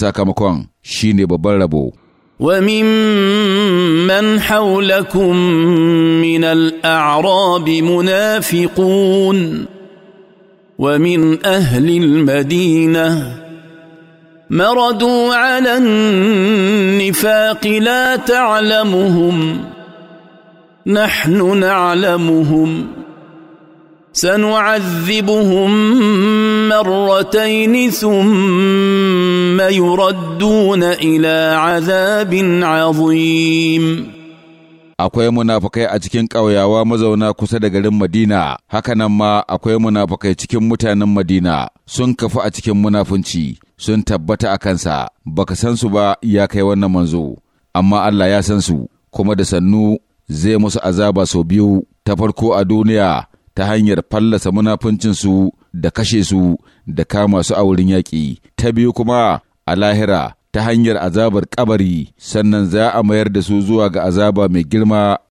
sakamakon shine babban rabo وممن حولكم من الأعراب منافقون ومن أهل المدينة مردوا على النفاق لا تعلمهم نحن نعلمهم سنعذبهم مرتين ثم يردون الى عذاب عظيم akwai munafukai a cikin ƙauyawa mazauna kusa da garin Madina, hakanan ma akwai munafukai cikin mutanen Madina sun kafu a cikin munafunci, sun tabbata a kansa, baka san su ba ya kai wannan manzo, amma Allah ya san su, kuma da sannu zai musu azaba sau biyu ta farko a duniya ta hanyar fallasa munafuncinsu da kashe su da kama su a wurin yaƙi, ta biyu kuma a lahira ta hanyar azabar kabari sannan za a mayar da su zuwa ga azaba mai girma